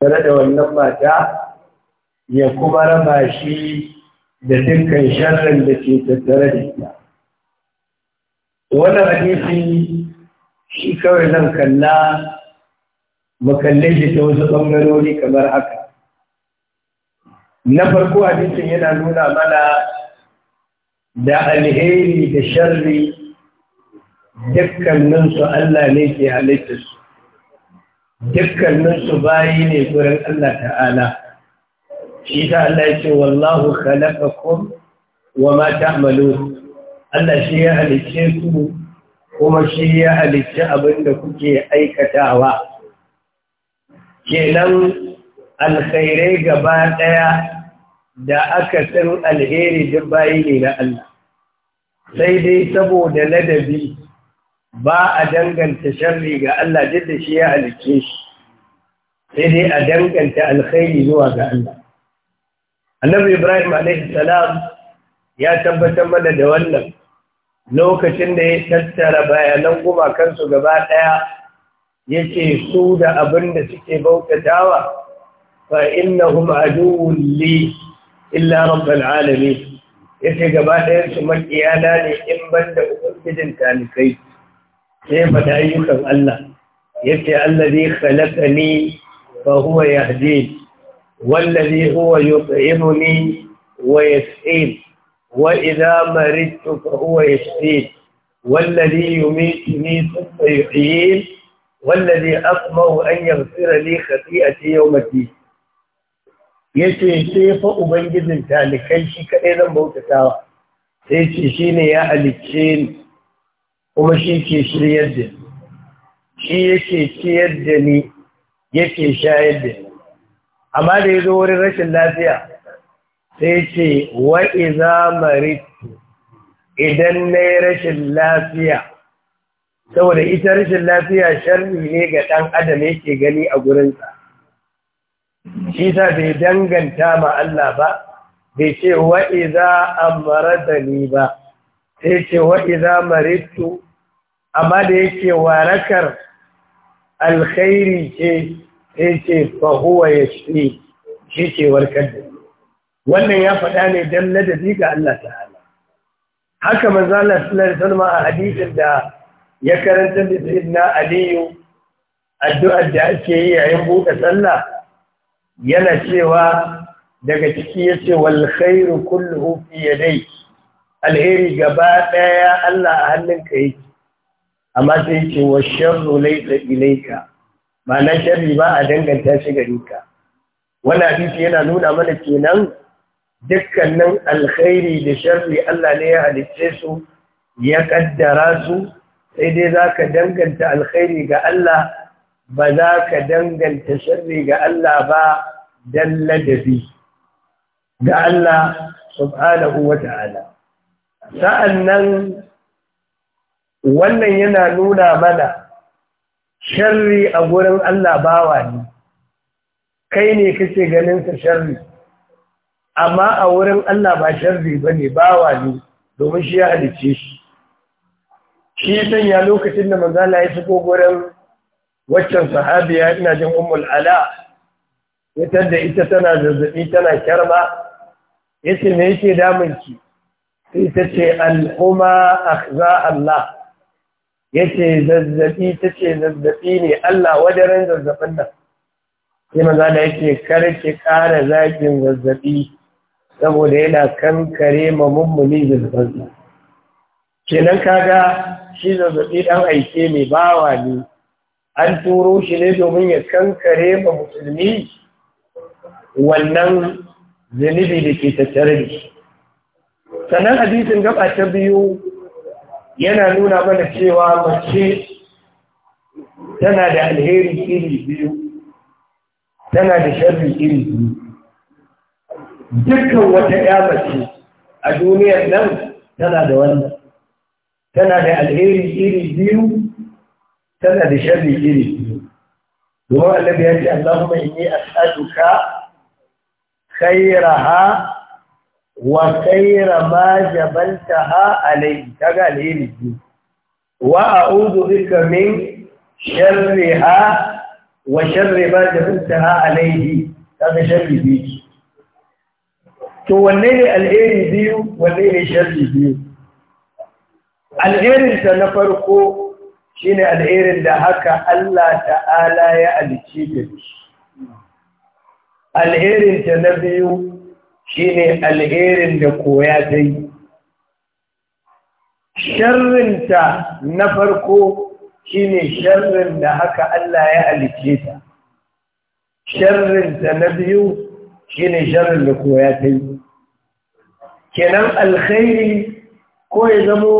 tare da wannan mata ya kuma raba shi da dukkan sharrin da ke tattare da ita. Wannan hadisi shi kawai zan kalla makalle shi ta wasu ɓangarori kamar haka. Na farko hadisin yana nuna mana da alheri da sharri dukkaninsu Allah ne ke halittarsu. dukkanin su bayi ne gurin Allah ta'ala shi ta Allah ce wallahu khalaqakum wa ma ta'malun Allah shi ya halice ku kuma shi ya halice abin da kuke aikatawa kenan alkhairai gaba daya da aka san alheri duk bayi ne na Allah sai dai saboda ladabi ba a danganta sharri ga Allah duk da shi ya halicce shi sai dai a danganta alkhairi zuwa ga Allah annabi ibrahim alayhi salam ya tabbatar mana da wannan lokacin da ya tattara bayanan gumakansu gaba ɗaya ya ce su da abin da suke bautatawa fa innahum aduwwun li illa rabbal alamin yace ce gaba su makiyana ne in banda ubangijin talikai sai faɗa ayyukan Allah yace allazi khalaqani fa huwa yahdini wallazi huwa yut'imuni wa yasqini wa idza maridtu fa huwa ya yashfini والذي يميتني ثم يحيين والذي أطمع أن يغفر لي خطيئتي yau الدين ya ce sai fa Ubangijin talikai shi kaɗai zan bautatawa sai ce shi ne ya halicce ni kuma shi ke shiryar da shi yake ciyar da ni yake shayar da ni amma da ya zo wurin rashin lafiya sai ce wa'iza maritu idan na yi rashin lafiya saboda ita rashin lafiya sharri ne ga ɗan adam yake gani a gurinsa shi sa bai danganta ma Allah ba bai ce wa'iza a ni ba sai ce wa'iza maritu amma da yake warakar alkhairi ce sai ce fahuwa ya shi shi ke warkar da wannan ya faɗa ne don ladabi ga Allah ta'ala haka manzo Allah sallallahu a hadisin da ya karanta da sayyidina Aliyu addu'ar da ake yi yayin buɗe sallah yana cewa daga ciki yace wal khairu kulluhu fi yadayki alheri gaba ɗaya Allah a hannunka yake amma sai ce wa sharru laysa ilayka ba na sharri ba a danganta shi gare ka wannan hadisi yana nuna mana kenan dukkanin alkhairi da sharri Allah ne ya halicce su ya kaddara su sai dai zaka danganta alkhairi ga Allah ba za ka danganta sharri ga Allah ba dan ladabi ga Allah subhanahu ta'ala sa'annan wannan yana nuna mana sharri a gurin Allah bawa ne kai ne kace ganin ka sharri amma a wurin Allah ba sharri bane bawa ne domin shi ya halice shi shi sanya lokacin da manzala ya shigo gurin waccan sahabiya ina jin ummul ala ita da ita tana zazzabi tana kyarma yace me yake damun ki sai ta ce al'umma akhza Allah yace zazzabi tace zazzabi ne Allah wadaran zazzabin nan sai maza da yake karke ƙara zakin zazzabi saboda yana kankare ma mummuni zazzabin kenan kaga shi zazzabi dan aike mai bawa ne an turo shi ne domin ya kankare ma musulmi wannan zunubi da ke tattare da shi sannan hadisin gaba ta biyu yana nuna mana cewa mace tana da alheri iri biyu tana da sharri iri biyu dukkan wata ya mace a duniyar nan tana da wannan tana da alheri iri biyu tana da sharri iri biyu domin annabi ya ce Allahumma inni as'aluka khayraha wa kaira ma jabaltaha alayhi kaga alheri wa a'udhu bika min sharriha wa sharri ma jabaltaha alayhi kaga sharri biyu to wanne ne alheri biyu wanne ne sharri biyu alherin ta na farko shine alherin da haka Allah ta'ala ya alice ta alherin ta na biyu shine alherin da koya ta yi sharrinta na farko shine sharrin da haka Allah ya halice ta sharrinta na biyu shine sharrin da koya ta yi kenan alkhairi ko ya zamo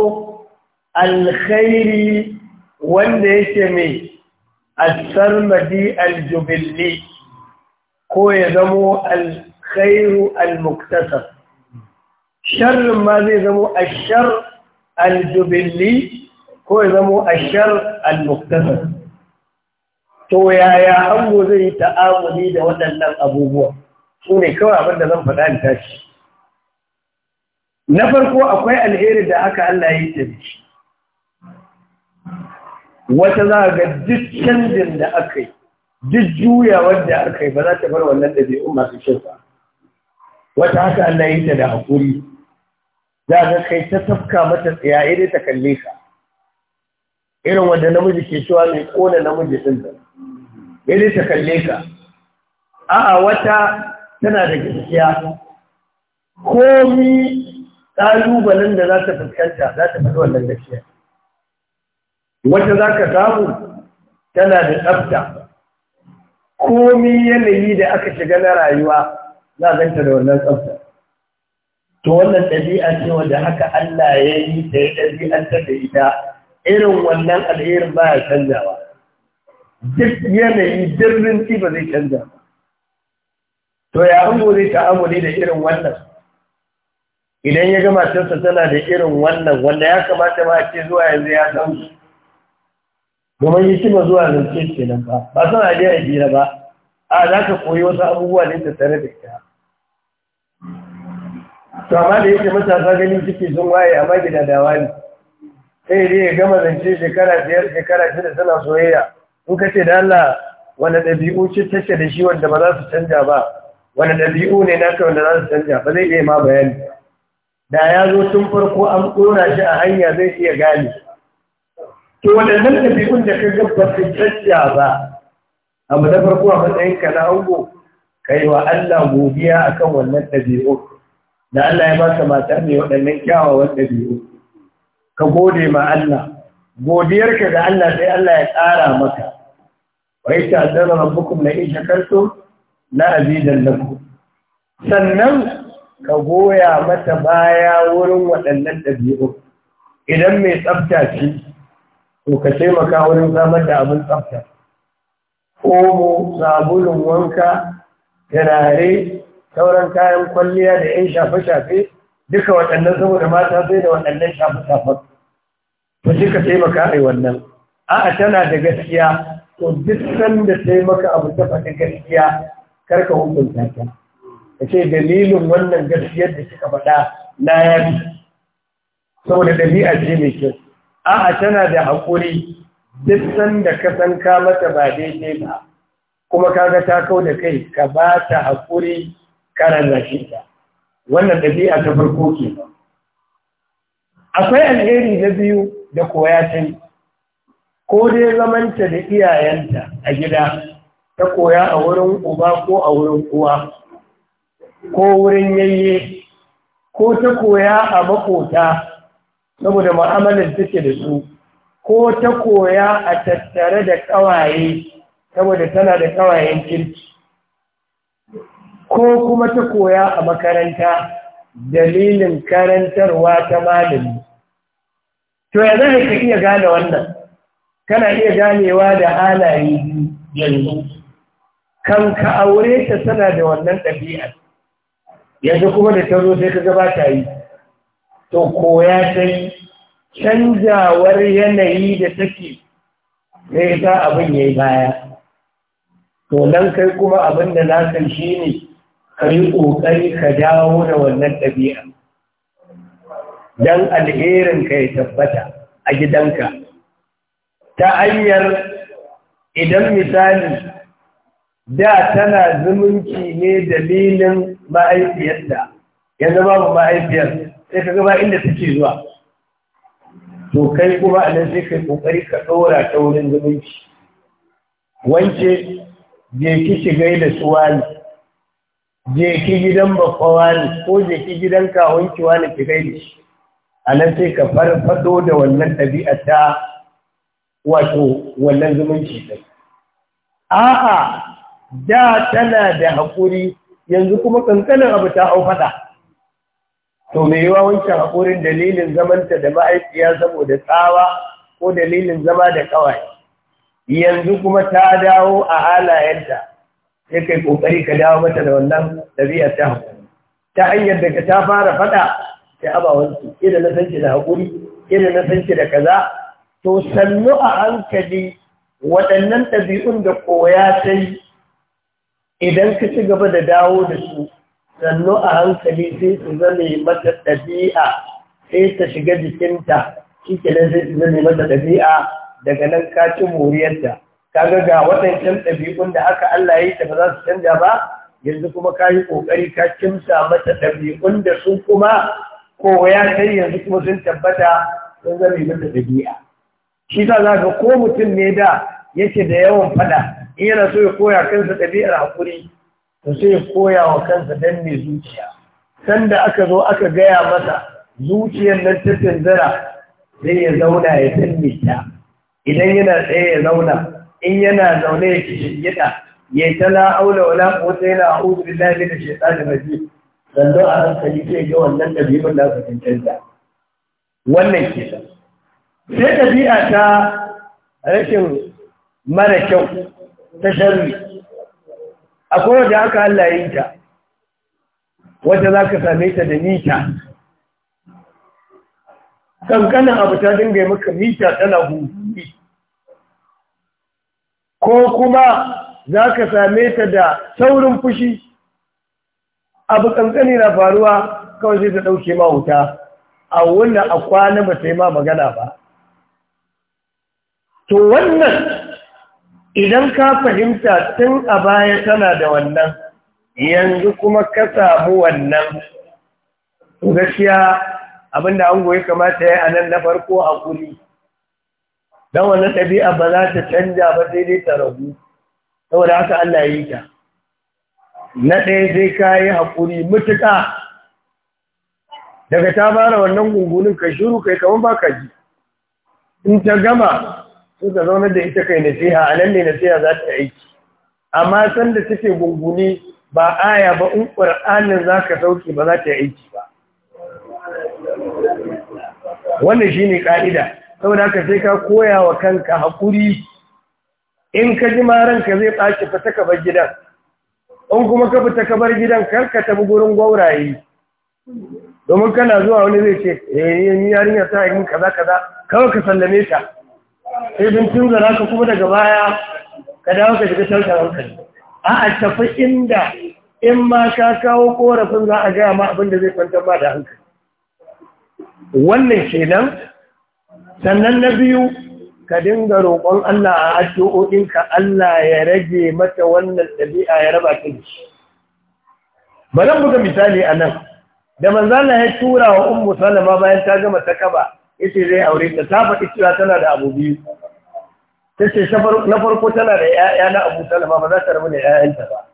alkhairi wanda yake mai asarmadi aljubilli ko ya zamo alkhairi alkhairu almuktasar sharrin ma zai zamo ashar aljubilli ko ya zamo ashar almuktasar to yaya ango zai yi ta'amuli da waɗannan abubuwa su ne kawai abin da zan faɗa ni tashi na farko akwai alheri da aka Allah yi da shi wata za ga duk canjin da aka yi duk juyawar da aka yi ba za ta bar wannan ɗabi'un masu kyau ba wata haka Allah yi ta da haƙuri za ga kai ta tafka mata tsaya irin ta kalle ka irin wanda namiji ke cewa mai kona namiji din da irin ta kalle ka a'a wata tana da gaskiya komi ƙalubalen da za ta fuskanta za ta faɗi wannan gaskiya wata za ka samu tana da tsafta komi yanayi da aka shiga na rayuwa za a ganta da wannan tsafta to wannan ɗabi'a ce wanda haka Allah ya yi ta ya ɗabi'antar da ita irin wannan alherin ba ya canzawa duk yanayi dirrin ci ba zai canza ba to ya hango zai ta'amuli da irin wannan idan ya ga matarsa tana da irin wannan wanda ya kamata ba ce zuwa yanzu ya san shi domin yi kima zuwa zance ce nan ba ba san a je a jira ba a za ka koyi wasu abubuwa ne ta tare da ita to amma da yake matasa gani suke sun waye amma gida da wani sai dai ya gama zance shekara biyar shekara shida suna soyayya in ka ce da Allah wani ɗabi'u ce tace da shi wanda ba za su canja ba wani ɗabi'u ne naka wanda za su canja ba zai iya ma bayani da ya zo tun farko an ɗora shi a hanya zai iya gane to waɗannan ɗabi'un da ka gaba su canja ba abu na farko a matsayin ka na ango kai wa Allah godiya akan wannan ɗabi'u da Allah ya ka mata ne waɗannan kyawawan ɗabi'u ka gode ma Allah godiyarka da Allah sai Allah ya ƙara maka wai ta zama rabbukum la in shakartum la azidan lakum sannan ka goya mata baya wurin waɗannan ɗabi'u idan mai tsafta ce to ka taimaka wurin samar da abin tsafta omo sabulun wanka turare sauran kayan kwalliya da 'yan shafe-shafe duka waɗannan saboda mata sai da waɗannan shafe-shafen to ka taimaka a yi wannan a'a tana da gaskiya to duk sanda taimaka abu ta faɗi gaskiya karka hukunta ta ka ce dalilin wannan gaskiyar da suka faɗa na yabi saboda ɗabi'a ce mai kyau a'a tana da haƙuri duk sanda ka san ka mata ba daidai ba kuma kaga ta kau da kai ka ba ta haƙuri kana zafi ta wannan ɗabi'a ta farko ke akwai alheri na biyu da koya ta yi ko dai zamanta da iyayenta a gida ta koya a wurin uba ko a wurin uwa ko wurin yayye ko ta koya a makota saboda ma'amalar take da su ko ta koya a tattare da ƙawaye saboda tana da ƙawayen kirki ko kuma ta koya a makaranta dalilin karantarwa ta malami to ya zai ka iya gane wannan kana iya ganewa da halaye yanzu kan ka aure ta tana da wannan ɗabi'ar yanzu kuma da ta sai ka gabata yi to koya ta yi canjawar yanayi da take sai ta abin ya yi baya to nan kai kuma abin da na shi ne kari ƙoƙari ka dawo da wannan ɗabi'a don alherin ka ya tabbata a gidanka ta hanyar idan misali da tana zumunci ne dalilin ma'aifiyarta yanzu babu ma'aifiyar sai ka gaba inda take zuwa to kai kuma a nan sai kai kokari ka ɗora ta wurin zumunci wance je ki shiga da suwani je ki gidan bakwawa ne ko je ki gidan kawunkiwa ne ki gaida shi a nan sai ka farfado da wannan ɗabi'a ta wato wannan zumunci ɗin a'a da tana da haƙuri yanzu kuma ƙanƙanin abu ta hau faɗa to me yiwa wancan haƙurin dalilin zamanta da ma'aikiya saboda tsawa ko dalilin zama da ƙawaye yanzu kuma ta dawo a halayenta yake kokari ka dawo mata da wannan ɗabi'ar ta ta hanyar da ta fara faɗa sai abawansu idan na san ki da haƙuri idan na san ki da kaza to sannu a hankali waɗannan ɗabi'un da koya ta yi idan ka ci gaba da dawo da su sannu a hankali sai su zame mata ɗabi'a sai ta shiga jikinta shi kenan sai su zame mata ɗabi'a daga nan ka ci moriyarta kaga ga waɗancan ɗabi'un da haka Allah ya yi ta ba za su canja ba yanzu kuma ka yi ƙoƙari ka kimsa mata ɗabi'un da su kuma kowa ya sai yanzu kuma sun tabbata sun zama mata ɗabi'a shi ta za ka ko mutum ne da yake da yawan faɗa in yana so ya koya kansa ɗabi'ar haƙuri to sai ya koya wa kansa dan mai zuciya sanda aka zo aka gaya masa zuciyar nan ta tanzara ya zauna ya danne ta idan yana tsaye ya zauna in yana zaune ya kishigida ya ta la aula wala quwwata hudu da billahi da shaitanir rajim dan zando a hankali sai ga wannan ɗabi'un da aka cancanta wannan ke da sai dabi'a ta rashin mara kyau ta sharri akwai wanda aka halayen ta ta za ka same ta da mita kankanin abu ta dinga maka mita tana hutu ko kuma za ka same ta da saurin fushi abu ƙanƙani na faruwa kawai sai ta ɗauke ma wuta a wannan a kwana ba sai ma magana ba to wannan idan ka fahimta tun a baya tana da wannan yanzu kuma ka samu wannan gaskiya abinda an goyi kamata ya yi a nan na farko a kuri don wannan ɗabi'a ba za ta canja ba sai dai ta ragu saboda haka Allah ya yi ta na ɗaya zai kayi hakuri haƙuri mutuƙa daga ta fara wannan gungunin ka shiru kai kamar ba ka ji in ta gama sun ka zaunar da ita kai nasiha a nan ne nasiha za ta aiki amma sanda da take gunguni ba aya ba in ƙur'anin za ka sauke ba za ta aiki ba wannan shi ne ƙa'ida saboda haka sai ka koya wa kanka haƙuri in ka ji ka zai tsaki fita ka bar gidan in kuma ka fita ka bar gidan karka ka tafi gurin gwauraye domin kana zuwa wani zai ce eh ni yarinya ta yi kaza kaza kawai ka sallame ta sai bin zara ka kuma daga baya ka dawo ka shiga tashin hankali a a tafi inda in ma ka kawo korafin za a gaya ma abin da zai kwantar ma da hankali wannan kenan sannan na biyu ka dinga roƙon Allah a addu'o'inka Allah ya rage mata wannan ɗabi'a ya raba ta da buga misali a nan da manzala ya tura wa ummu salama bayan ta gama ta kaba yace zai aure ta ta faɗi tana da abu biyu tace na farko tana da 'ya'ya na abu salama ba za ta rabu da 'ya'yanta ba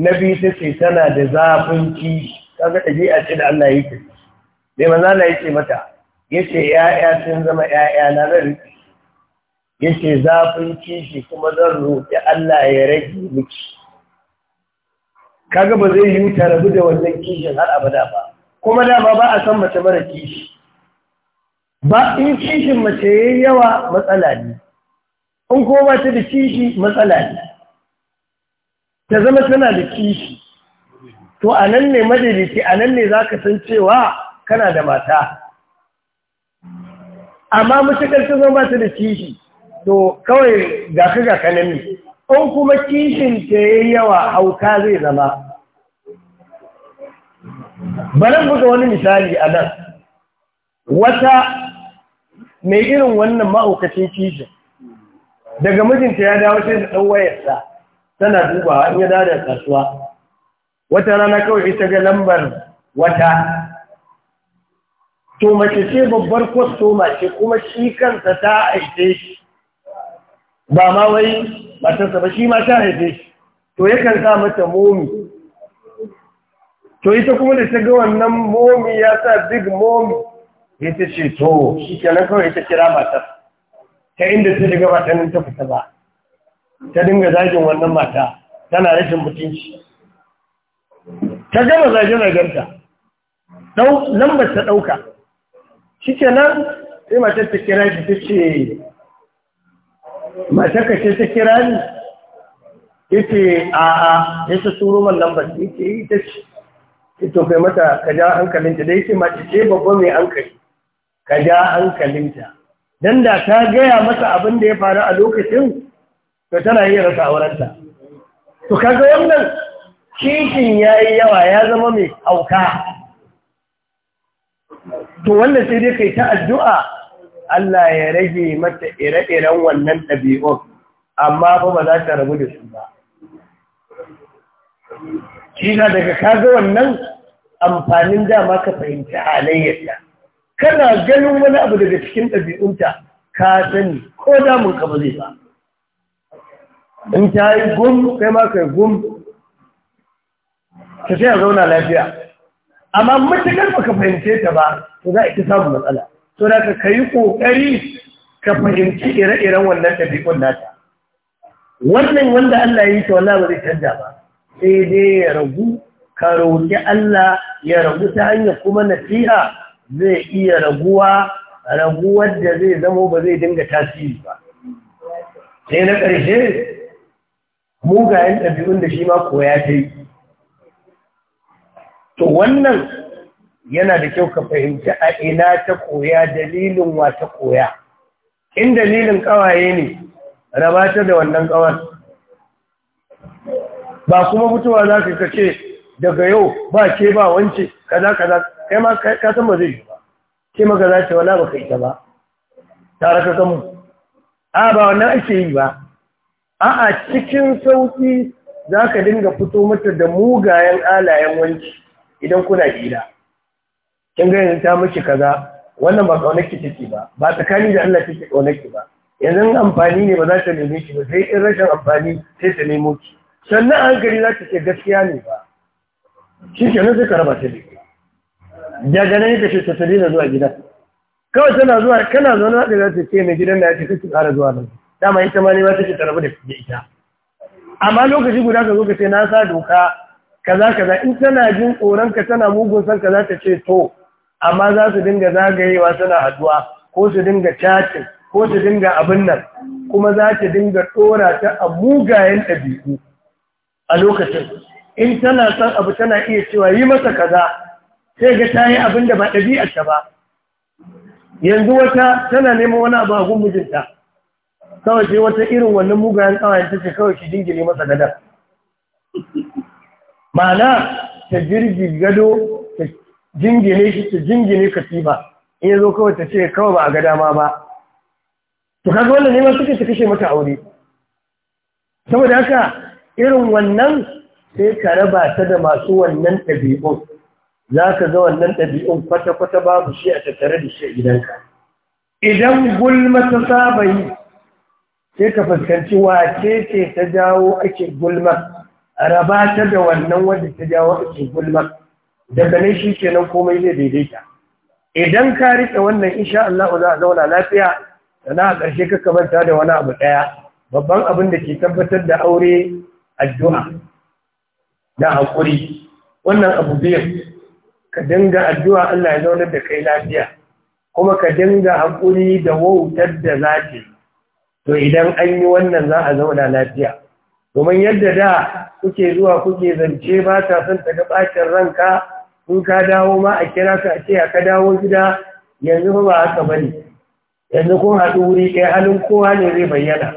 na biyu ta ce tana da zafin kishi kaga a ce da Allah ya yi ta dai ya ce mata yace ya'ya sun zama ya'ya na rari yace zafin kishi kuma zan roƙi Allah ya rage miki kaga ba zai yi ta rabu da wannan kishin har abada ba kuma dama ba a san mace mara kishi ba in kishin mace yayi yawa matsala ne in ko ta da kishi matsala ne ta zama tana da kishi to anan ne madalici anan ne zaka san cewa kana da mata amma mutukar sun zama su da kishi to kawai ga ka ga kanami in kuma kishin ta yi yawa hauka zai zama Banan buga wani misali a nan wata mai irin wannan ma'aukacin kishin daga mijinta ya dawo sai da ɗan wayarsa tana dubawa in ya dada da kasuwa wata rana kawai ita ga lambar wata to mace ce babbar kwastoma ce kuma shi kansa ta haife shi ba ma wai matarsa ba shi ma ta haife shi to yakan sa mata momi to ita kuma da ta ga wannan momi ya sa big momi ya ta ce to shi kenan kawai ta kira matar ta inda ta daga matanin ta fita ba ta dinga zagin wannan mata tana rashin mutunci ta gama zagin zagarta lambar ta ɗauka Cike nan sai matar ta kira shi ta ce matar ka ce ta kira ni ya ce a'a ya ta turo man lambar ya ce yi ta ce ya to kai mata ka ja hankalinta da ya ce mace ce babba mai hankali ka ja hankalinta dan da ta gaya masa abin da ya faru a lokacin to tana iya rasa aurenta to kaga wannan kishin yi yawa ya zama mai hauka to wannan sai dai kai ta addu'a Allah ya rage mata ire-iren wannan ɗabi'un amma ba ba za ta rabu da su ba shi na daga kaga wannan amfanin dama ka fahimta halayyarta kana ganin wani abu daga cikin ɗabi'unta ka sani ko damun ka ba zai ba in ta yi gum kai ma kai gum ka sai a zauna lafiya amma matakar ka fahimce ta ba to za a ita samun matsala to da ka yi kokari ka fahimci ire-iren wannan ɗabi'un nata wannan wanda Allah ya yi ta wala ba zai canja ba sai dai ya ragu ka roƙi Allah ya ragu ta hanyar kuma nasiha zai iya raguwa raguwar da zai zamo ba zai dinga tasiri ba sai na ƙarshe mugayen ɗabi'un da shi ma koya ta yi to wannan yana da kyau ka fahimci a ina ta koya dalilin wa ta koya in dalilin kawaye ne ta da wannan kawar ba kuma mutuwa za ka kace daga yau ba ke ba wance kaza kaza kai ma ka san ba zai yi ba ke maka za ta wala ba kai ta ba tare ka samu a ba wannan ake yi ba a a cikin sauki za ka dinga fito mata da mugayen alayen wanci idan kuna gida kin ga yanzu ta miki kaza wannan ba kaunarki take ba ba tsakani da Allah take kaunarki ba yanzu amfani ne ba za ta nemi ki ba sai in rashin amfani sai ta nemo ki sannan hankali za ta ce gaskiya ne ba shi ke nan sai ka raba ta da daga nan ita ce ta tare da zuwa gidan kawai tana zuwa kana zaune da za ta ce mai gidan da ya ce kake kara zuwa nan dama ita ma ne ma take ta rabu da ita amma lokaci guda ka zo ka ce na sa doka kaza kaza in tana jin tsoron ka tana mugun san ka ta ce to amma za su dinga zagayewa tana addu'a ko su dinga cacin, ko su dinga abin nan kuma za ta dinga dora ta a mugayen ɗabi'u a lokacin in tana son abu tana iya cewa yi masa kaza sai ga ta yi abin da ba ɗabi'arta ba yanzu wata tana neman wani abu a gun mijinta kawai sai wata irin wannan mugayen ƙawayen ta ce kawai shi jingine masa gadar ma'ana ta jirgi gado ta jingine shi ta jingine katifa in ya zo kawai ta ce kawai ba a ga dama ba to kaga wannan neman suke ta kashe mata aure saboda haka irin wannan sai ka raba ta da masu wannan ɗabi'un za ka ga wannan ɗabi'un kwata-kwata babu shi a tattare da shi a gidanka idan gulma ta saba yi sai ka fuskanci wace ce ta jawo ake gulma raba ta da wannan wadda ta jawo ake gulma daga nan shi kenan komai zai daidaita idan ka rike wannan insha Allah za a zauna lafiya sana a ƙarshe ka kamanta da wani abu ɗaya babban abin da ke tabbatar da aure addu'a da haƙuri wannan abu biyu ka dinga addu'a Allah ya zaunar da kai lafiya kuma ka dinga haƙuri da wautar da za to idan an yi wannan za a zauna lafiya domin yadda da kuke zuwa kuke zance ba ta son ta ga ɓacin ranka in ka dawo ma a kira ka a ce a ka dawo gida yanzu ba haka ba yanzu kun haɗu wuri ɗaya halin kowa ne zai bayyana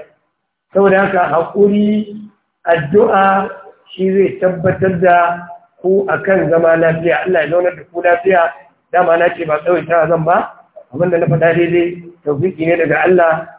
saboda haka hakuri addu'a shi zai tabbatar da ku akan zama lafiya Allah ya zaunar da ku lafiya dama na ce ba tsawaita zan ba abinda na faɗa daidai tawfiki ne daga Allah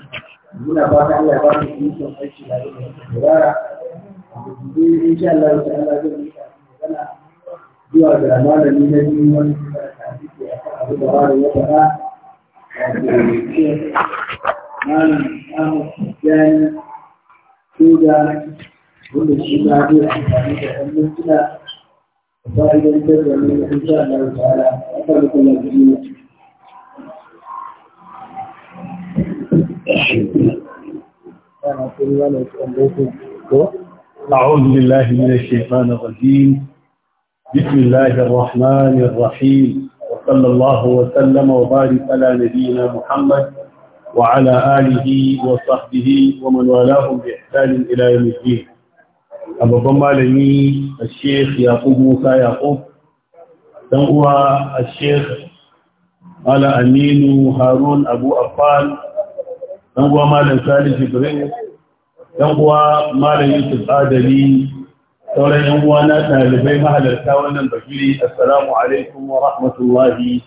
muna fata Allah ya ba mu ikon aiki da yake tsara gobe insha Allah ta Allah zai yi magana zuwa ga malami na biyu wani abu da wani ya faɗa malam Ahmad Jani Soja wanda shi ma zai amfani da ɗan mintuna da fa'idantar da mu insha Allah ta'ala a kan kuma أعوذ بالله من الشيطان الرجيم بسم الله الرحمن الرحيم وصلى الله وسلم وبارك على نبينا محمد وعلى آله وصحبه ومن والاهم بإحسان إلى يوم الدين أبو لني الشيخ يعقوب موسى يعقوب دعوة الشيخ على أمين هارون أبو أبان ɗan uwa malam Salisu Ibrahim, ɗan uwa malam yusuf adali sauran yan uwa na ɗalibai mahalarta wannan bakiri assalamu alaikum wa rahmatullahi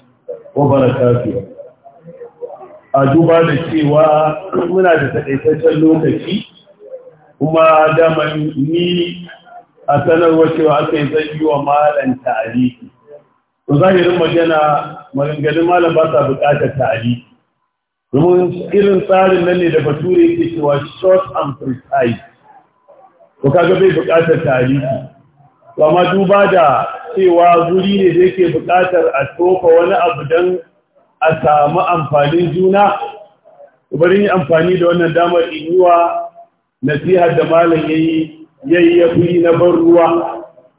wa barakatuh a duba da cewa muna da taƙaitaccen lokaci kuma daman ni a sanarwa cewa aka yi zai yi wa malam ta'aliki to zahirin magana maganganun malam ba sa buƙatar ta'aliki domin irin tsarin nan ne da bature yake cewa short and precise Ko kaga bai buƙatar tarihi to amma duba da cewa guri ne da yake buƙatar a tofa wani abu don a samu amfanin juna bari yi amfani da wannan damar in yi wa nasihar da malam yayi yayi ya kuyi na ban ruwa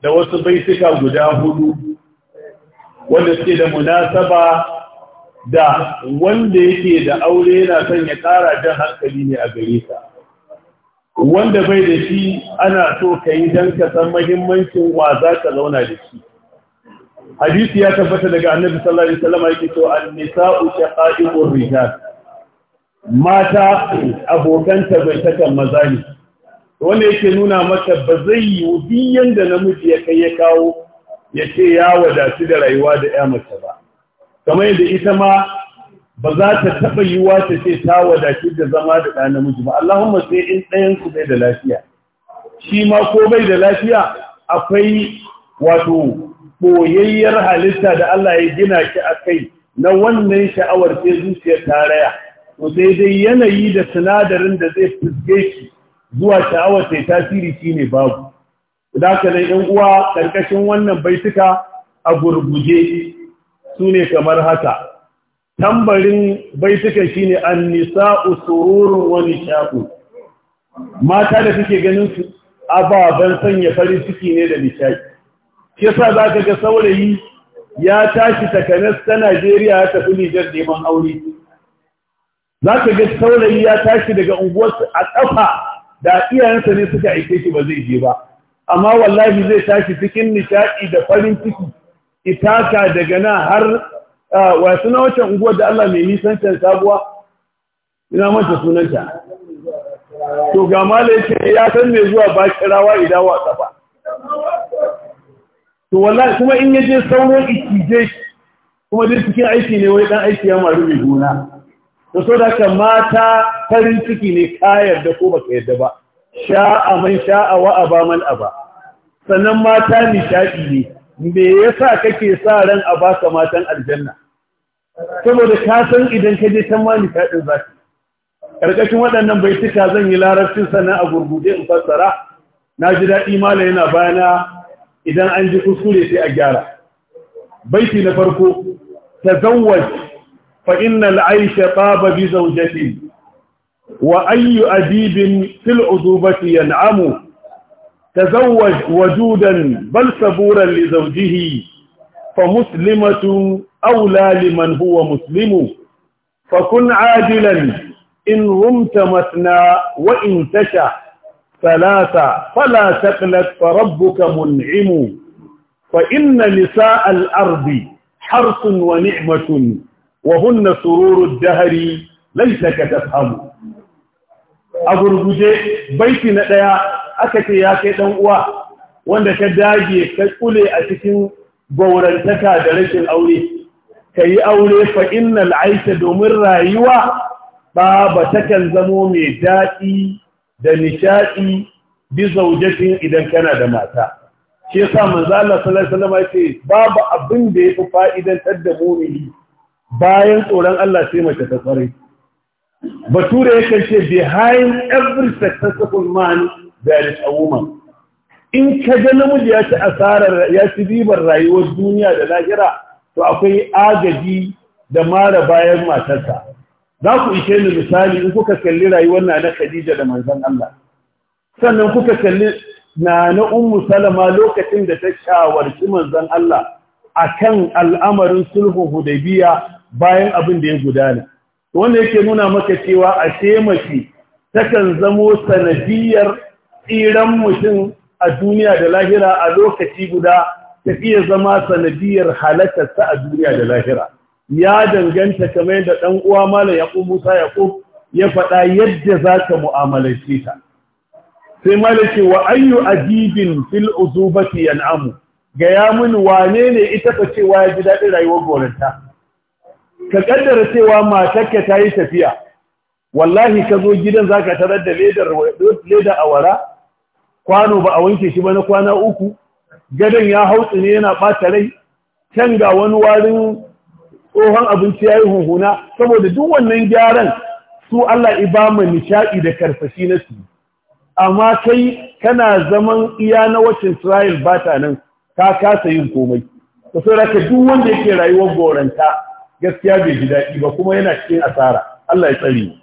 da wasu baituka guda hudu wanda suke da munasaba da wanda yake da aure yana son ya ƙara jan hankali ne a gare ka wanda bai da shi ana so ka yi don ka san mahimmancin wa za ka zauna da shi hadisi ya tabbata daga annabi sallallahu alaihi wasallam yake cewa an uke shaqa'iqur rijal mata abokan tabaitakan maza ne wanda yake nuna maka ba zai yi biyan da namiji ya kai ya kawo ya ce ya wadatu da rayuwa da ya mace ba kamar yadda ita ma ba za ta taɓa yiwuwa ta ce ta wadaci da zama da ɗa namiji ba Allahumma sai in ɗayan su bai da lafiya shi ma ko bai da lafiya akwai wato ɓoyayyar halitta da Allah ya gina shi a kai na wannan sha'awar ce zuciyar taraya to sai dai yanayi da sinadarin da zai fuske shi zuwa sha'awar sai tasiri shine babu da haka uwa ƙarƙashin wannan baituka a gurguje su ne kamar haka tambarin shi shine an nisa sururun wani mata da suke ganin su ban sanya farin ciki ne da Ke sa za ka ga saurayi ya tashi takanas ta Najeriya ya tafi Nijar neman aure Za ka ga saurayi ya tashi daga unguwarsu a ƙafa da iyayensa ne suka aike shi ba zai je ba amma wallahi zai tashi cikin nishaqi da farin ciki itaka daga na har wa suna wacce unguwar da Allah mai nisantar sabuwa ina manta sunanta to ga mala ce ya san mai zuwa ba kirawa idan watsa ba to wallahi kuma in yaje sauran ikije kuma duk cikin aiki ne wai dan aiki ya maru mai gona to so da haka mata farin ciki ne ka yarda ko baka yarda ba sha'a man sha'a wa aba man aba sannan mata nishaɗi ne me yasa kake sa ran a baka matan aljanna saboda ka san idan ka je can wani ni kadin zaki karkashin waɗannan baituka zan yi larabcin sannan a gurgude in fassara na ji daɗi mala yana bayana idan an ji kuskure sai a gyara baiti na farko tazawwaj fa innal aisha taba bi zawjati wa ayyu adibin fil udubati yan'amu تزوج وجودا بل صبورا لزوجه فمسلمة أولى لمن هو مسلم فكن عادلا إن رمت مثنى وإن تشى ثلاثة فلا تقلق فربك منعم فإن نساء الأرض حرص ونعمة وهن سرور الدهر ليس كتفهم أبرجوجي بيتنا aka ce ya kai ɗan uwa wanda ka dage ka kule a cikin gaurantaka da rashin aure ka yi aure fa innal aisha domin rayuwa ba takan zamo mai daɗi da nishaɗi bi zaujatin idan kana da mata shi yasa manzo Allah sallallahu alaihi wasallam yace babu abin da yafi fa'idantar da mu'mini bayan tsoron Allah sai mace ta tsare bature yake ce behind every successful man there a woman in kaga namiji ya ci asarar ya ci ribar rayuwar duniya da lahira to akwai agaji da mara bayan matarsa za ku ishe ni misali in kuka kalli rayuwar na na Khadija da manzon Allah sannan kuka kalli na na Ummu Salama lokacin da ta shawarci manzon Allah akan al'amarin sulhu Hudaybiya bayan abin da ya gudana wanda yake nuna maka cewa a mace takan zamo sanadiyar tsiran mutum a duniya da lahira a lokaci guda ta iya zama sanadiyar halakarsa a duniya da lahira ya danganta kamar yadda ɗan uwa malam yaƙo musa yaƙo ya faɗa yadda za ka mu'amalance ta sai ce wa ayyu ajibin fil uzubati yan'amu ga ya mun wane ne ita ka cewa ya ji daɗin rayuwar goranta ka ƙaddara cewa matarka ta yi tafiya wallahi ka zo gidan za ka tarar da ledar awara kwano ba a wanke shi ba na kwana uku gadon ya hau ne yana ɓata rai can ga wani warin tsohon abinci ya yi huhuna saboda duk wannan gyaran su Allah iba ma nishaɗi da karfashi na su amma kai kana zaman iya na wacin trial ba ta nan ka kasa yin komai ta raka duk wanda yake rayuwar goranta gaskiya bai ji daɗi ba kuma yana cikin asara Allah ya tsare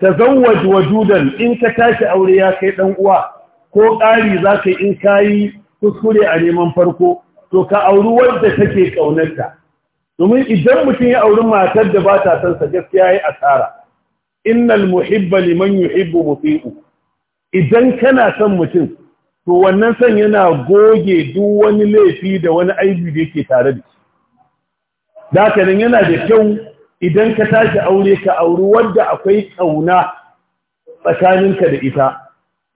tazawwaj wajudan in ka tashi aure ya kai dan uwa ko kari za ka in kai kuskure a neman farko to ka auri wanda take ƙaunarta domin idan mutum ya auri matar da ba ta son sa gaskiya ya asara innal muhibba liman yuhibbu muti'u idan kana son mutum to wannan son yana goge duk wani laifi da wani aibi da yake tare da shi da yana da kyau idan ka tashi aure ka auri wadda akwai ƙauna tsakaninka da ita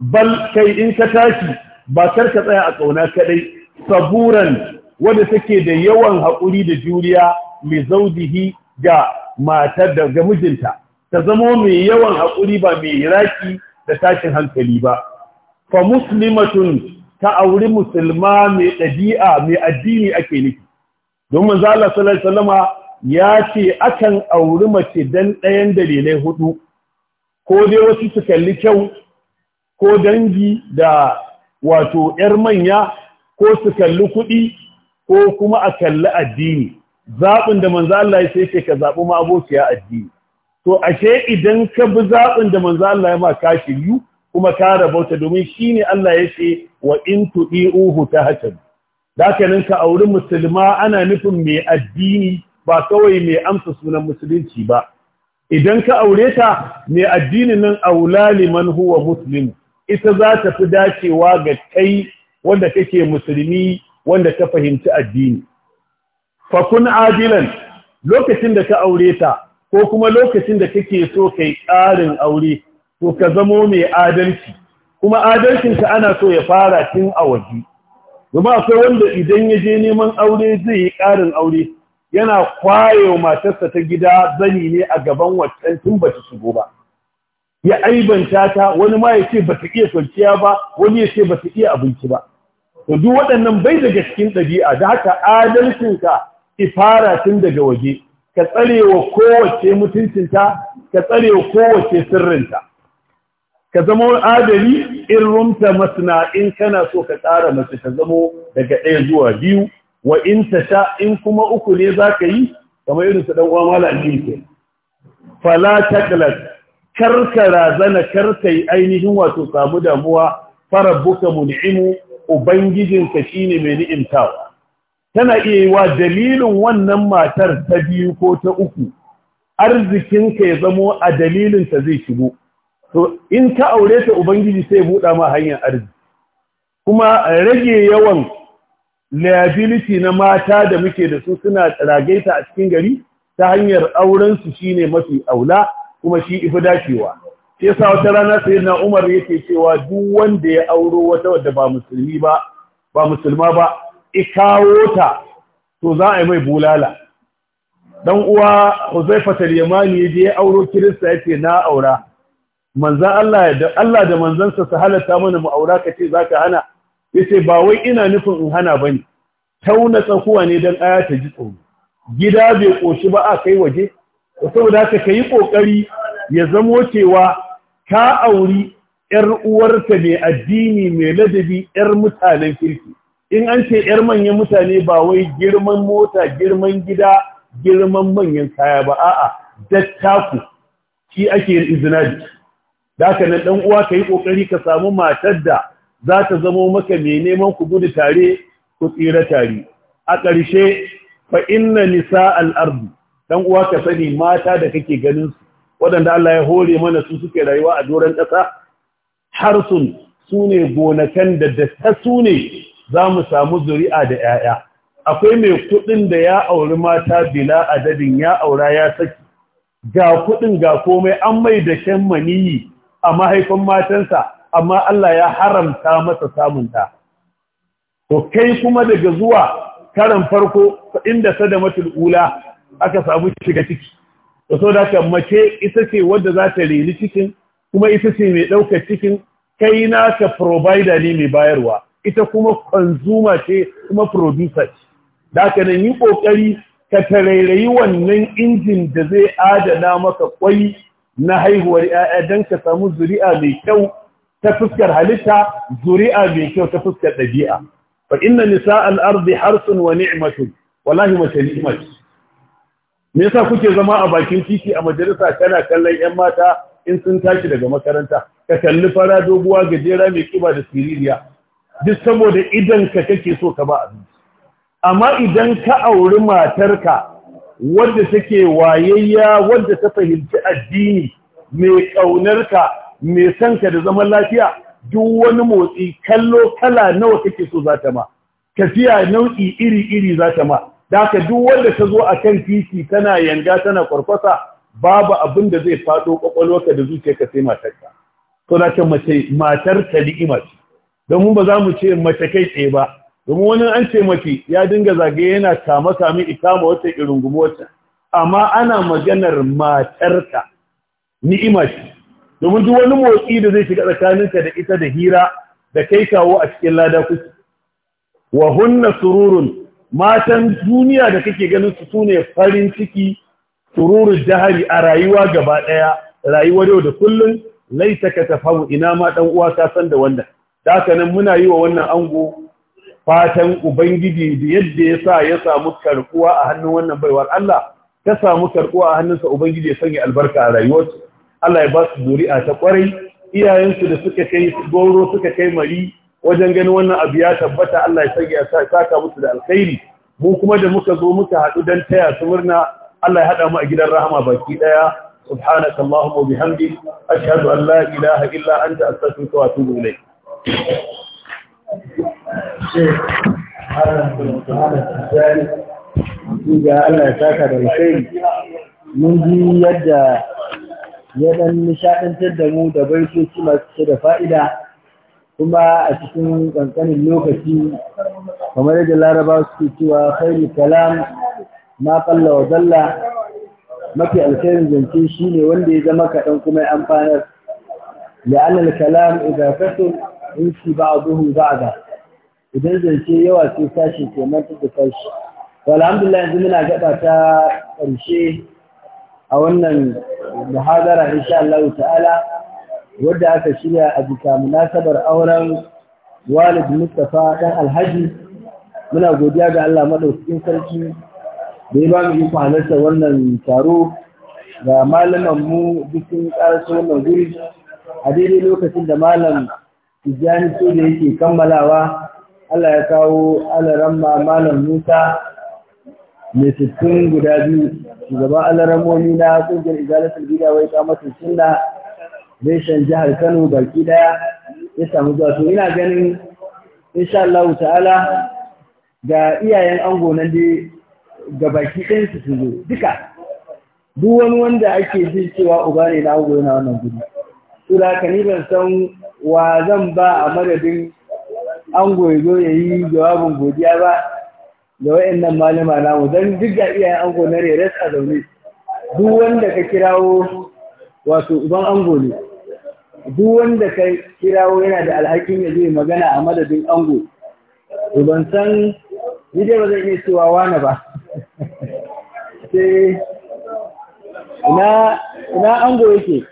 bal kai in ka tashi ba kar ka tsaya a ƙauna kaɗai saburan wanda take da yawan haƙuri da juriya mai zaudihi ga matar da ga mijinta ta zamo mai yawan haƙuri ba mai hiraki da tashin hankali ba fa muslimatun ta auri musulma mai ɗabi'a mai addini ake nufi Domin manzo Allah sallallahu alaihi wasallama ya ce akan auri mace dan ɗayan dalilai hudu ko dai wasu su kalli kyau ko dangi da wato ‘yar manya ko su kalli kuɗi ko kuma a kalli addini zaɓin da manzo Allah ya sai ka zaɓi ma abokiya addini to ashe idan ka bi zaɓin da manzo Allah ya ma ka shiryu kuma ka rabauta domin shine Allah ya ce wa in tu'iuhu uhu da haka nan ka auri musulma ana nufin mai addini ba kawai mai amsa sunan musulunci ba idan ka aure ta mai addinin nan aula liman huwa muslim ita za ta fi dacewa ga kai wanda kake musulmi wanda ka fahimci addini fa kun adilan lokacin da ka aure ta ko kuma lokacin da kake so kai ƙarin aure to ka zamo mai adalci kuma adalcinka ana so ya fara tun a waje kuma akwai wanda idan ya je neman aure zai yi ƙarin aure yana kwayo matarsa ta gida zani ne a gaban waccan tun ba ta shigo ba ya aibanta ta wani ma ya ce ba ta iya kwanciya ba wani ya ce ba ta iya abinci ba to duk waɗannan bai daga cikin ɗabi'a da haka adalcinka ifara tun daga waje ka tsarewa kowace mutuncinta ka tsarewa kowace sirrinta ka zama adali in rumta masana in kana so ka tsara mace ka zamo daga ɗaya zuwa biyu wa in in kuma uku ne za ka yi kamar irin su dan uwa malami ke fala razana karkara zana karkai ainihin wato samu damuwa fara buka mun'imu ubangijinka shine mai ni'imtawa tana iya yi wa dalilin wannan matar ta biyu ko ta uku ka ya zamo a dalilin ta zai shigo to in ta aure ta ubangiji sai buɗa ma hanyar arziki kuma rage yawan liability na mata da muke da su suna ragaita a cikin gari ta hanyar aurensu shine mafi aula kuma shi ifi dacewa sai yasa wata rana sai na Umar yake cewa duk wanda ya auro wata wadda ba musulmi ba ba musulma ba ikawo ta to za a yi mai bulala dan uwa Huzaifa al-Yamani yaje ya auro Kirista yace na aura manzan Allah da Allah manzansa su halatta mana mu aura kace zaka hana yace ba wai ina nufin in hana bane tauna tsakuwa ne dan aya ta ji tsoro gida bai koshi ba a kai waje saboda haka kai ƙoƙari ya zamo cewa ka auri ‘yar uwarka mai addini mai ladabi ‘yar mutanen kirki, in an ce ‘yar manyan mutane ba wai girman mota, girman gida, girman manyan kaya ba, a'a, dattaku, shi ake izina da. Da haka nan ɗan uwa ka yi ƙoƙari ka samu matar da za ta zamo maka mai neman ku gudu tare ku tsira tare a ƙarshe fa inna nisa al'ardu dan uwa ka sani mata da kake ganin su waɗanda Allah ya hore mana su suke rayuwa a doron ƙasa harsun su ne gonakan da da ta su ne za mu samu zuri'a da 'ya'ya akwai mai kuɗin da ya auri mata bila adadin ya aura ya saki ga kuɗin ga komai an mai da shan maniyi a mahaifin matansa amma Allah ya haramta masa samunta to kai kuma daga zuwa karan farko inda matul ula aka samu shiga ciki da so da mace ita ce wadda za ta reni cikin kuma ita ce mai ɗaukar cikin kai ka provider ne mai bayarwa ita kuma kwanzuma ce kuma producer ce da ka nan yi ƙoƙari ka tarairayi wannan injin da zai adana maka ƙwai na haihuwar 'ya'ya don ka samu zuri'a mai kyau ta fuskar halitta zuri'a mai kyau ta fuskar ɗabi'a fa inna nisa'al ardi harsun wa ni'matun wallahi mace me yasa kuke zama a bakin titi a majalisa kana kallon yan mata in sun tashi daga makaranta ka kalli fara doguwa gajera mai kiba da siririya duk saboda idan ka kake so ka ba abinci amma idan ka auri matarka wadda take wayayya wadda ta fahimci addini mai kaunarka mai sanka da zaman lafiya duk wani motsi kallo kala nawa kake so za ta ma tafiya nau'i iri iri za ta ma Daka duk wanda ta zo a kan titi tana yanga tana kwarkwasa babu abin da zai faɗo kwakwalwarka da zuciyarka sai matarka to da kan mace matar ta ni'ima ce domin ba za mu ce mace kai tsaye ba domin wani an ce mace ya dinga zagaye yana kama kami ikama wata irin gumo wata amma ana maganar matarka ni'ima ce domin duk wani motsi da zai shiga tsakaninka da ita da hira da kai kawo a cikin lada kuke wa hunna sururun matan duniya da kake ganin su sune farin ciki sururun jahari a rayuwa gaba daya rayuwa yau da kullun laita ka tafahu ina ma dan uwa ka san da wannan haka nan muna yi wa wannan ango fatan ubangiji da yadda ya sa ya samu karkuwa a hannun wannan baiwar Allah ta samu karkuwa a hannunsa ubangiji ya sanya albarka a rayuwarsa Allah ya ba su zuri'a ta kwarai iyayensu da suka kai goro suka kai mari wajen ganin wannan abu ya tabbata Allah ya sanya ya saka musu da alkhairi mu kuma da muka zo muka haɗu dan taya su murna Allah ya haɗa mu a gidan rahama baki ɗaya subhanaka allahumma wa bihamdi ashhadu an la ilaha illa anta astaghfiruka wa atubu ilayk Allah ya saka da alkhairi mun ji yadda ya dan nishadantar da mu da baitoci masu cike da fa'ida kuma a cikin kankanin lokaci kamar yadda laraba su cewa khairu kalam ma qalla wa dalla mafi alkhairin zance shi ne wanda ya zama kaɗan kuma ya amfanar la'anna al-kalam idza kasur ba a ga, idan zance yawa sai sashi ke mantar da sashi alhamdulillah yanzu muna gaba ta ƙarshe a wannan muhadara insha Allah ta'ala wadda aka shirya a jika munasabar auren Walid Mustafa dan Alhaji muna godiya ga Allah madaukakin sarki da ya ba mu iko halarta wannan taro ga malaman mu bikin karaso wannan guri a daidai lokacin da malam Tijjani so da yake kammalawa Allah ya kawo alaramma malam Musa mai sittin guda biyu shugaban alaramomi na kungiyar izalatar gida wai kamatin suna reshen jihar Kano baki daya ya samu zuwa to ina ganin insha Allah ta'ala ga iyayen ango nan dai ga baki ɗansu su zo duka duk wani wanda ake jin cewa uba ne na ango yana wannan gudu su da haka ni ban san wa zan ba a madadin ango ya zo ya yi jawabin godiya ba da wayannan malama namu don duk da iyayen ango na reres a zaune duk wanda ka kirawo wato uban ango ne duk wanda ka kirawo yana da alhakin ya zai magana a madadin ango to ban san ni dai ba zai iya cewa wani ba sai ina ina ango yake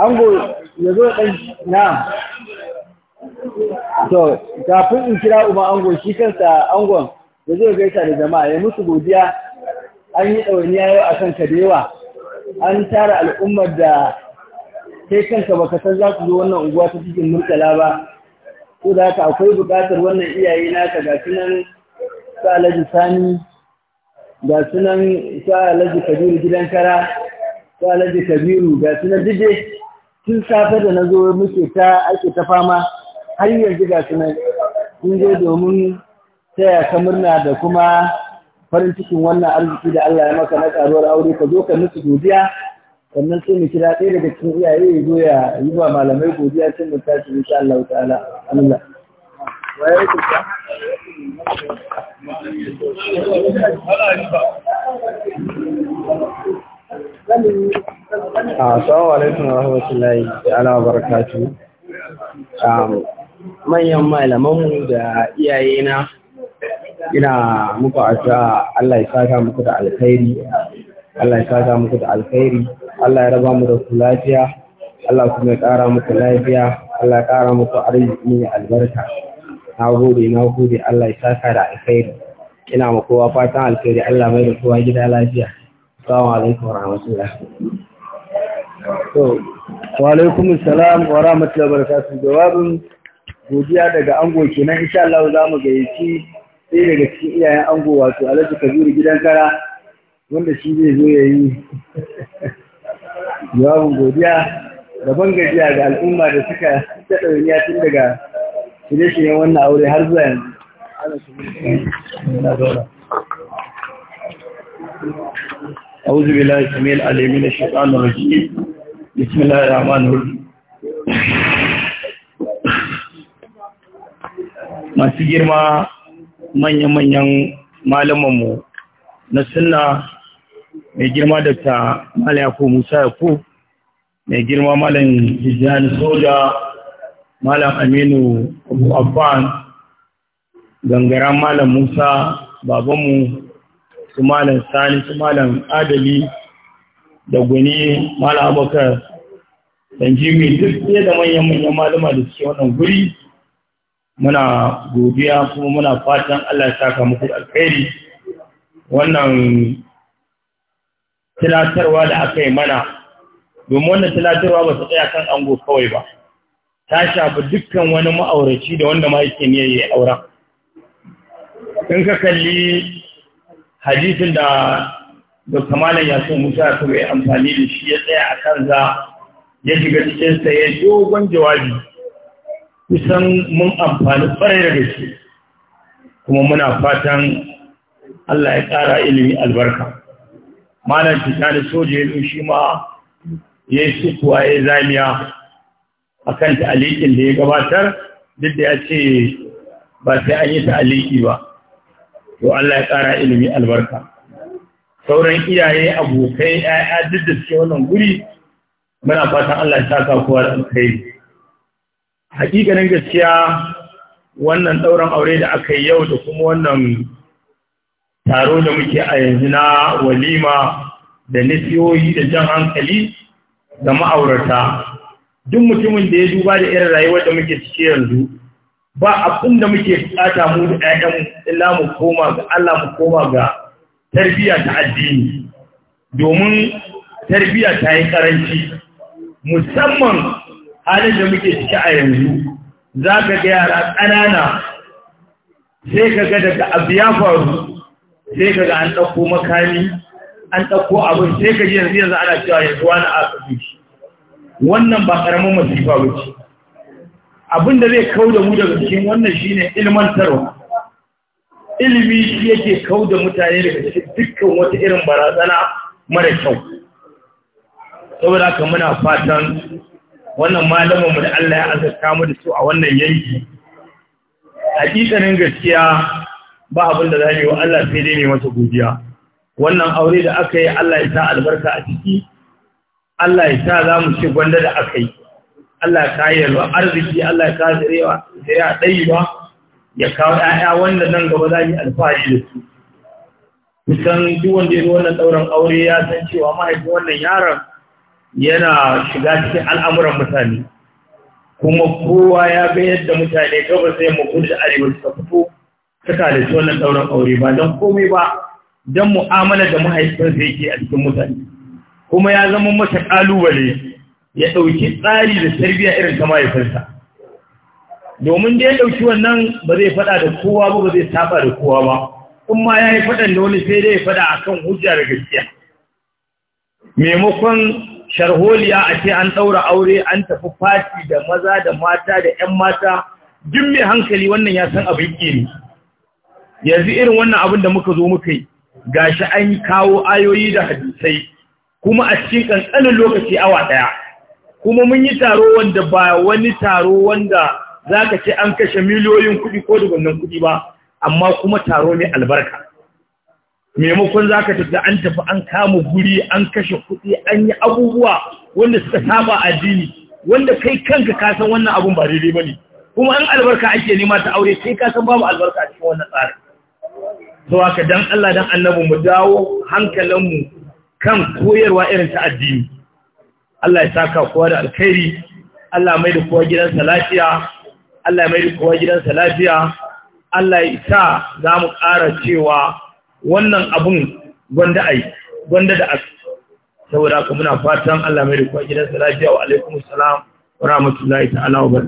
ango ya zo ɗan na to kafin in kira uban ango shi kansa angon ya zai gaita da jama'a ya musu godiya an yi ɗawainiya yau a kan kadewa an tara al'ummar da kai kanka baka san za ku zo wannan unguwa ta cikin murtala ba ko da haka akwai buƙatar wannan iyaye naka ga sunan su alhaji sani ga sunan su alhaji kabiru gidan kara su alhaji kabiru ga sunan dide tun safe da na zo muke ta ake ta fama har yanzu ga sunan sun je domin taya ka murna da kuma farin cikin wannan arziki da Allah ya maka na karuwar aure ka zo ka musu godiya sannan sai mu kira ɗaya daga cikin iyaye ya zo ya yi wa malamai godiya sun mu tashi insha Allah ta'ala Allah Assalamu alaikum wa rahmatullahi ta'ala wa barakatuh. Ah, manyan malamanmu da iyayena ina muku addu'a Allah ya saka muku da alkhairi Allah ya saka muku da alkhairi Allah ya raba mu da ku lafiya Allah kuma ya ƙara muku lafiya Allah ya ƙara muku arziki da albarka na gode na gode Allah ya saka da alkhairi ina ma kowa fatan alkhairi Allah mai da kowa gida lafiya assalamu alaikum wa rahmatullah to wa alaikum assalam wa rahmatullahi wa barakatuh jawabin godiya daga ango kenan insha Allah za mu gayyaci sai daga cikin iyayen ango wato alhaji kabiru gidan kara wanda shi zai zo ya yi jawabin godiya da bangajiya gajiya ga al'umma da suka ta ɗauniya tun daga shirye-shiryen wannan aure har zuwa yanzu أعوذ بالله السميع العليم من الشيطان الرجيم بسم الله الرحمن الرحيم masu girma manya-manyan malamanmu na suna mai girma da ta malaya ko musa ya ko mai girma malam jijjani soja malam aminu abu afan gangaren malam musa babanmu su malam sani su malam adali da gwani malam abokan ɗan jimi duk da manyan manyan malama da suke wannan guri muna godiya kuma muna fatan Allah ya saka muku alkhairi wannan tilatarwa da aka yi mana domin wannan tilatarwa ba su tsaya kan ango kawai ba ta shafi dukkan wani ma'auraci da wanda ma yake niyyar ya aura in ka kalli hadisin da Dr. Malam Yasin Musa ya amfani da shi ya tsaya a kan za ya shiga cikin sa ya dogon jawabi kusan mun amfani kwarai da shi kuma muna fatan Allah ya ƙara ilimi albarka malam titani soja ya shi ma ya yi sukuwa ya zamiya a kan ta'alikin da ya gabatar duk da ya ce ba sai an yi ta'aliki ba to Allah ya ƙara ilimi albarka sauran iyaye abokai 'ya'ya duk da suke wannan guri muna fatan Allah ya sa kowa da alkhairi hakikanin gaskiya wannan ɗaurin aure da aka yi yau da kuma wannan taro da muke a yanzu na walima da nasiyoyi da jan hankali da ma'aurata duk mutumin da ya duba da irin rayuwar da muke cike yanzu ba abin da muke bukata mu da ɗayan illa mu koma ga Allah mu koma ga tarbiyya ta addini domin tarbiyya ta yi karanci musamman halin da muke ciki a yanzu za ka ga yara ƙanana sai ka ga daga abu ya faru sai ka ga an ɗauko makami an ɗauko abin sai ka ji yanzu yanzu ana cewa yanzu wani a shi wannan ba ƙaramin masifa ba ce abin da zai kau da mu daga cikin wannan shine ilmantarwa ilimi shi yake kau da mutane daga cikin dukkan wata irin barazana mara kyau saboda haka muna fatan wannan malamin mu da Allah ya azurta mu da su a wannan yanki hakikanin gaskiya ba abin da zai yi Allah sai dai ne masa godiya wannan aure da aka yi Allah ya sa albarka a ciki Allah ya sa za mu ci gwanda da aka yi Allah ya kayarwa arziki Allah ya kazirewa da ya dai ba ya kawo ‘ya'ya wanda nan gaba za yi alfahari da su kusan duk wanda ya zo wannan ɗaurin aure ya san cewa mahaifin wannan yaron yana shiga cikin al'amuran mutane kuma kowa ya ga yadda mutane gaba sai mu kudu arewa suka fito suka su wannan aure ba don komai ba don mu'amala da mahaifinsa yake a cikin mutane kuma ya zama masa ƙalubale ya ɗauki tsari da tarbiyya irin ta mahaifinsa domin da ya ɗauki wannan ba zai faɗa da kowa ba ba zai saba da kowa ba in ma ya yi faɗan da wani sai dai ya faɗa akan hujja da gaskiya maimakon sharholiya a ce an ɗaura aure an tafi fati da maza da mata da 'yan mata duk mai hankali wannan ya san abin ne yanzu irin wannan abin da muka zo muka yi ga shi an kawo ayoyi da hadisai kuma a cikin ƙanƙanin lokaci awa ɗaya kuma mun yi taro wanda ba wani taro wanda za ka ce an kashe miliyoyin kuɗi ko dubannin kuɗi ba amma kuma taro mai albarka maimakon za ka tafi an tafi an kama guri an kashe kuɗi an yi abubuwa wanda suka saba addini wanda kai kanka ka san wannan abun ba daidai ba ne kuma an albarka ake nema ta aure sai ka san babu albarka a cikin wannan tsarin to haka dan Allah dan annabi mu dawo mu kan koyarwa irin ta addini Allah ya saka kowa da alkhairi Allah mai da kowa gidansa lafiya Allah mai da kowa gidansa lafiya Allah ya sa za mu ƙara cewa wannan abun gwanda ai gwanda da aka saboda haka muna fatan Allah mai rikuwa gidansa lafiya wa alaikumussalam wa rahmatullahi ta'ala wa